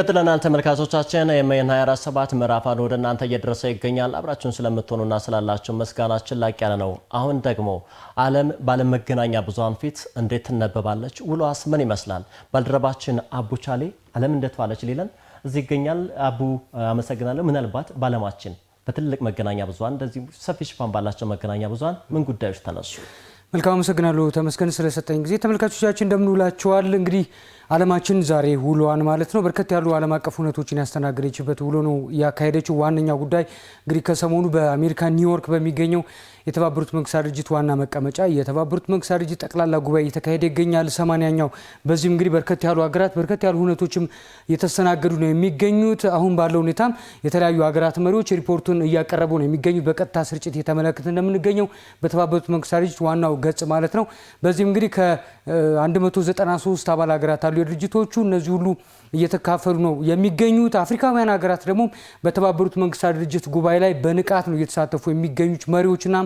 ቀጥለናል ተመልካቾቻችን፣ ኤኤምኤን 24/7 ምዕራፍ አንድ ወደ እናንተ እየደረሰ ይገኛል። አብራችሁን ስለምትሆኑና ስላላችሁ መስጋናችን ላቅ ያለ ነው። አሁን ደግሞ ዓለም ባለመገናኛ ብዙሃን ፊት እንዴት ትነበባለች? ውሏስ ምን ይመስላል? ባልደረባችን አቡቻሌ ዓለም እንዴት ሊለን እዚህ ይገኛል። አቡ አመሰግናለሁ። ምናልባት ባለማችን በትልቅ መገናኛ ብዙሃን እንደዚህ ሰፊ ሽፋን ባላቸው መገናኛ ብዙሃን ምን ጉዳዮች ተነሱ? መልካም አመሰግናለሁ ተመስገን ስለሰጠኝ ጊዜ። ተመልካቾቻችን እንደምንውላችኋል። እንግዲህ አለማችን ዛሬ ውሏን ማለት ነው በርከት ያሉ ዓለም አቀፍ እውነቶችን ያስተናገደችበት ውሎ ነው ያካሄደችው። ዋነኛው ጉዳይ እንግዲህ ከሰሞኑ በአሜሪካ ኒውዮርክ በሚገኘው የተባበሩት መንግስታት ድርጅት ዋና መቀመጫ የተባበሩት መንግስታት ድርጅት ጠቅላላ ጉባኤ እየተካሄደ ይገኛል ሰማንያኛው። በዚህም እንግዲህ በርከት ያሉ ሀገራት በርከት ያሉ እውነቶችም እየተስተናገዱ ነው የሚገኙት። አሁን ባለው ሁኔታም የተለያዩ ሀገራት መሪዎች ሪፖርቱን እያቀረቡ ነው የሚገኙት። በቀጥታ ስርጭት እየተመለከትን እንደምንገኘው በተባበሩት መንግስታት ድርጅት ዋናው በሚባለው ገጽ ማለት ነው። በዚህም እንግዲህ ከ193 አባል ሀገራት አሉ የድርጅቶቹ እነዚህ ሁሉ እየተካፈሉ ነው የሚገኙት። አፍሪካውያን ሀገራት ደግሞ በተባበሩት መንግስታት ድርጅት ጉባኤ ላይ በንቃት ነው እየተሳተፉ የሚገኙት መሪዎችና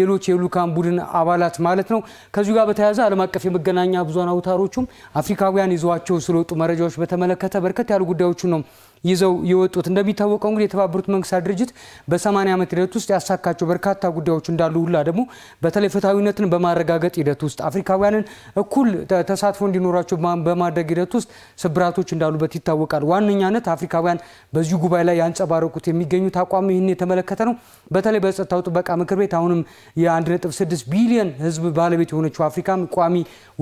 ሌሎች የልዑካን ቡድን አባላት ማለት ነው። ከዚሁ ጋር በተያያዘ ዓለም አቀፍ የመገናኛ ብዙሃን አውታሮቹም አፍሪካውያን ይዘዋቸው ስለወጡ መረጃዎች በተመለከተ በርከት ያሉ ጉዳዮችን ነው ይዘው የወጡት። እንደሚታወቀው እንግዲህ የተባበሩት መንግስታት ድርጅት በ80 ዓመት ሂደት ውስጥ ያሳካቸው በርካታ ጉዳዮች እንዳሉ ሁላ ደግሞ በተለይ ፍትሐዊነትን በማረጋገጥ ሂደት ውስጥ አፍሪካውያንን እኩል ተሳትፎ እንዲኖራቸው በማድረግ ሂደት ውስጥ ስብራቶች እንዳሉበት ይታወቃል። ዋነኛነት አፍሪካውያን በዚሁ ጉባኤ ላይ ያንጸባረቁት የሚገኙት አቋም ይህን የተመለከተ ነው። በተለይ በጸጥታው ጥበቃ ምክር ቤት አሁንም የ1.6 ቢሊዮን ህዝብ ባለቤት የሆነችው አፍሪካም ቋሚ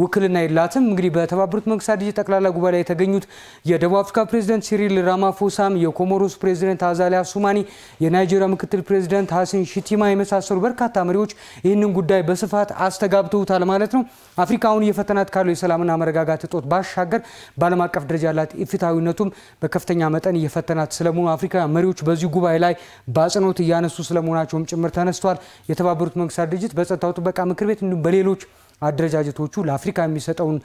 ውክልና የላትም። እንግዲህ በተባበሩት መንግስታት ድርጅት ጠቅላላ ጉባኤ ላይ የተገኙት የደቡብ አፍሪካ ፕሬዚደንት ሲሪል ራማፎሳም፣ የኮሞሮስ ፕሬዚደንት አዛሊያ ሱማኒ፣ የናይጄሪያ ምክትል ፕሬዚደንት ሀሰን ሺቲማ የመሳሰሉ በርካታ መሪዎች ይህንን ጉዳይ በስፋት አስተጋብተውታል ማለት ነው። አፍሪካ አሁን እየፈተናት ካለው የሰላምና መረጋጋት እጦት ባሻገር በዓለም አቀፍ ደረጃ ያላት ኢፍትሐዊነቱም በከፍተኛ መጠን እየፈተናት ስለመሆኑ አፍሪካ መሪዎች በዚህ ጉባኤ ላይ በአጽንኦት እያነሱ ስለመሆናቸውም ጭምር ተነስቷል። የተባበሩት መንግስታት ድርጅት በጸጥታው ጥበቃ ምክር ቤት እንዲሁም በሌሎች አደረጃጀቶቹ ለአፍሪካ የሚሰጠውን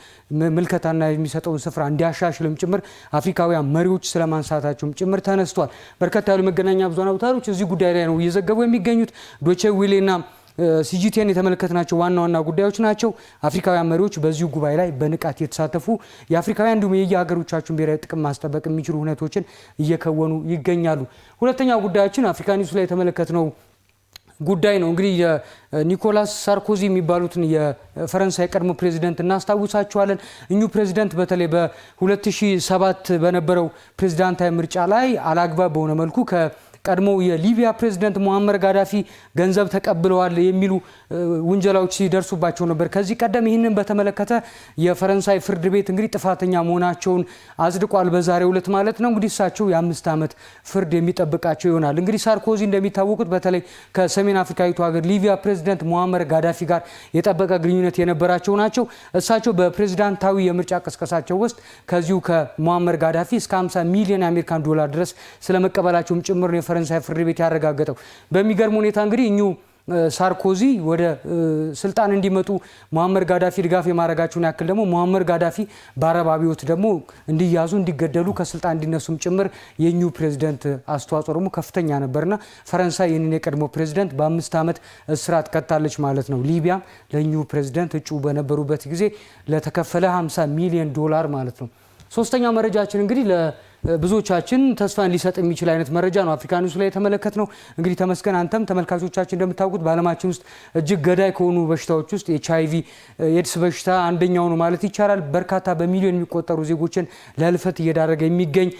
ምልከታና የሚሰጠውን ስፍራ እንዲያሻሽልም ጭምር አፍሪካውያን መሪዎች ስለማንሳታቸውም ጭምር ተነስቷል። በርካታ ያሉ መገናኛ ብዙሃን አውታሮች እዚህ ጉዳይ ላይ ነው እየዘገቡ የሚገኙት ዶቼ ዊሌና ሲጂቴን የተመለከትናቸው ዋና ዋና ጉዳዮች ናቸው። አፍሪካውያን መሪዎች በዚሁ ጉባኤ ላይ በንቃት የተሳተፉ የአፍሪካውያን እንዲሁም የየሀገሮቻችን ብሔራዊ ጥቅም ማስጠበቅ የሚችሉ ሁነቶችን እየከወኑ ይገኛሉ። ሁለተኛው ጉዳያችን አፍሪካ ኒውስ ላይ የተመለከትነው ጉዳይ ነው። እንግዲህ ኒኮላስ ሳርኮዚ የሚባሉትን የፈረንሳይ ቀድሞ ፕሬዚደንት እናስታውሳቸዋለን። እኙ ፕሬዚደንት በተለይ በ2007 በነበረው ፕሬዚዳንታዊ ምርጫ ላይ አላግባብ በሆነ መልኩ ከ ቀድሞው የሊቢያ ፕሬዝደንት ሙሐመር ጋዳፊ ገንዘብ ተቀብለዋል የሚሉ ውንጀላዎች ሲደርሱባቸው ነበር። ከዚህ ቀደም ይህንን በተመለከተ የፈረንሳይ ፍርድ ቤት እንግዲህ ጥፋተኛ መሆናቸውን አጽድቋል። በዛሬው ዕለት ማለት ነው። እንግዲህ እሳቸው የአምስት ዓመት ፍርድ የሚጠብቃቸው ይሆናል። እንግዲህ ሳርኮዚ እንደሚታወቁት በተለይ ከሰሜን አፍሪካዊቱ ሀገር ሊቢያ ፕሬዝደንት ሙሐመር ጋዳፊ ጋር የጠበቀ ግንኙነት የነበራቸው ናቸው። እሳቸው በፕሬዝዳንታዊ የምርጫ ቅስቀሳቸው ውስጥ ከዚሁ ከሙሐመር ጋዳፊ እስከ 50 ሚሊዮን የአሜሪካን ዶላር ድረስ ስለመቀበላቸውም ጭምር ነው የፈረንሳይ ፍርድ ቤት ያረጋገጠው። በሚገርም ሁኔታ እንግዲህ እኙ ሳርኮዚ ወደ ስልጣን እንዲመጡ ሙሐመር ጋዳፊ ድጋፍ የማድረጋቸውን ያክል ደግሞ ሙሐመር ጋዳፊ በአረብ አብዮት ደግሞ እንዲያዙ እንዲገደሉ ከስልጣን እንዲነሱም ጭምር የኙ ፕሬዚደንት አስተዋጽኦ ደግሞ ከፍተኛ ነበርና ፈረንሳይ ይህንን የቀድሞ ፕሬዚደንት በአምስት ዓመት እስራት ቀጣለች ማለት ነው። ሊቢያ ለኙ ፕሬዚደንት እጩ በነበሩበት ጊዜ ለተከፈለ 50 ሚሊዮን ዶላር ማለት ነው። ሶስተኛው መረጃችን እንግዲህ ብዙዎቻችን ተስፋን ሊሰጥ የሚችል አይነት መረጃ ነው አፍሪካ ኒውስ ላይ የተመለከት ነው። እንግዲህ ተመስገን አንተም ተመልካቾቻችን እንደምታውቁት በዓለማችን ውስጥ እጅግ ገዳይ ከሆኑ በሽታዎች ውስጥ ኤች አይቪ ኤድስ በሽታ አንደኛው ነው ማለት ይቻላል። በርካታ በሚሊዮን የሚቆጠሩ ዜጎችን ለህልፈት እየዳረገ የሚገኝ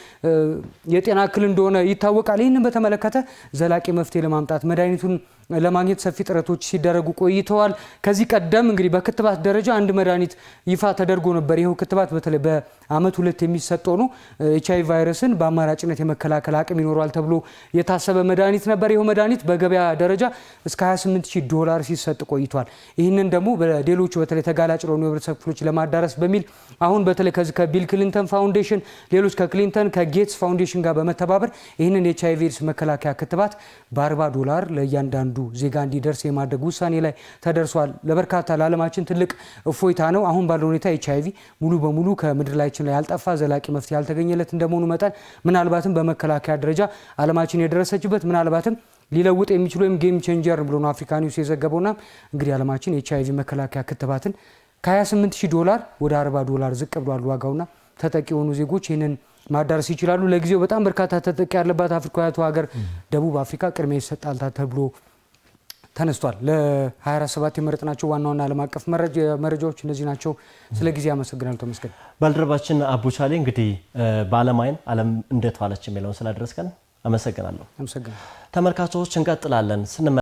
የጤና እክል እንደሆነ ይታወቃል። ይህንን በተመለከተ ዘላቂ መፍትሄ ለማምጣት መድኃኒቱን ለማግኘት ሰፊ ጥረቶች ሲደረጉ ቆይተዋል። ከዚህ ቀደም እንግዲህ በክትባት ደረጃ አንድ መድኃኒት ይፋ ተደርጎ ነበር። ይኸው ክትባት በተለይ በአመት ሁለት የሚሰጠው ነው። ኤች አይ ቪ ቫይረስን በአማራጭነት የመከላከል አቅም ይኖረዋል ተብሎ የታሰበ መድኃኒት ነበር። ይኸው መድኃኒት በገበያ ደረጃ እስከ 28 ሺህ ዶላር ሲሰጥ ቆይቷል። ይህንን ደግሞ በሌሎቹ በተለይ ተጋላጭ ለሆኑ የህብረተሰብ ክፍሎች ለማዳረስ በሚል አሁን በተለይ ከዚህ ከቢል ክሊንተን ፋውንዴሽን ሌሎች ከክሊንተን ከጌትስ ፋውንዴሽን ጋር በመተባበር ይህንን የኤች አይ ቪ ኤድስ መከላከያ ክትባት በ40 ዶላር ለእያንዳንዱ ዜጋ እንዲደርስ የማድረግ ውሳኔ ላይ ተደርሷል። ለበርካታ ለዓለማችን ትልቅ እፎይታ ነው። አሁን ባለው ሁኔታ ኤች አይቪ ሙሉ በሙሉ ከምድር ላይችን ላይ ያልጠፋ ዘላቂ መፍትሄ ያልተገኘለት እንደመሆኑ መጠን ምናልባትም በመከላከያ ደረጃ ዓለማችን የደረሰችበት ምናልባትም ሊለውጥ የሚችሉ ወይም ጌም ቼንጀር ብሎ ነው አፍሪካ ኒውስ የዘገበውና እንግዲህ ዓለማችን ኤች አይቪ መከላከያ ክትባትን ከ28000 ዶላር ወደ 40 ዶላር ዝቅ ብሏል ዋጋውና ተጠቂ የሆኑ ዜጎች ይህንን ማዳረስ ይችላሉ። ለጊዜው በጣም በርካታ ተጠቂ ያለባት አፍሪካዊቷ ሀገር ደቡብ አፍሪካ ቅድሚያ ይሰጣልታ ተብሎ ተነስቷል። ለ24/7 የመረጥናቸው ዋና ዋና ዓለም አቀፍ መረጃዎች እነዚህ ናቸው። ስለ ጊዜ አመሰግናለሁ ተመስገን። ባልደረባችን አቡቻሌ እንግዲህ በዓለም አይን ዓለም እንደተዋለች የሚለውን ስላደረስከን አመሰግናለሁ። ተመልካቾች እንቀጥላለን።